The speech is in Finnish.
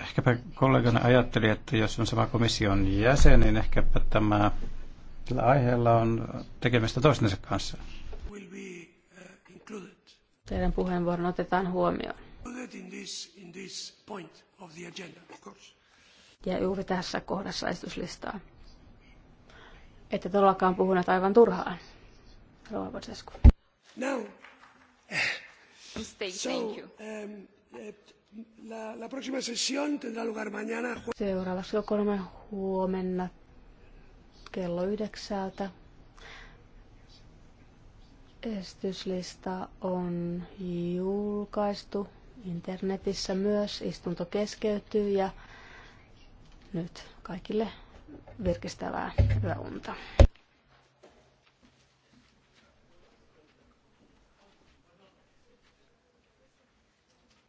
Ehkäpä kollegana ajatteli, että jos on sama komission jäsen, niin ehkäpä tämä tällä aiheella on tekemistä toistensa kanssa. Uh, Teidän puheenvuoron otetaan huomioon. Ja juuri tässä kohdassa esityslistaa. Että todellakaan puhuneet aivan turhaan. Rova Now, Um, uh, la, próxima sesión tendrá lugar mañana. Seuraava huomenna kello yhdeksältä. Esityslista on julkaistu internetissä myös. Istunto keskeytyy ja nyt kaikille virkistävää yöunta.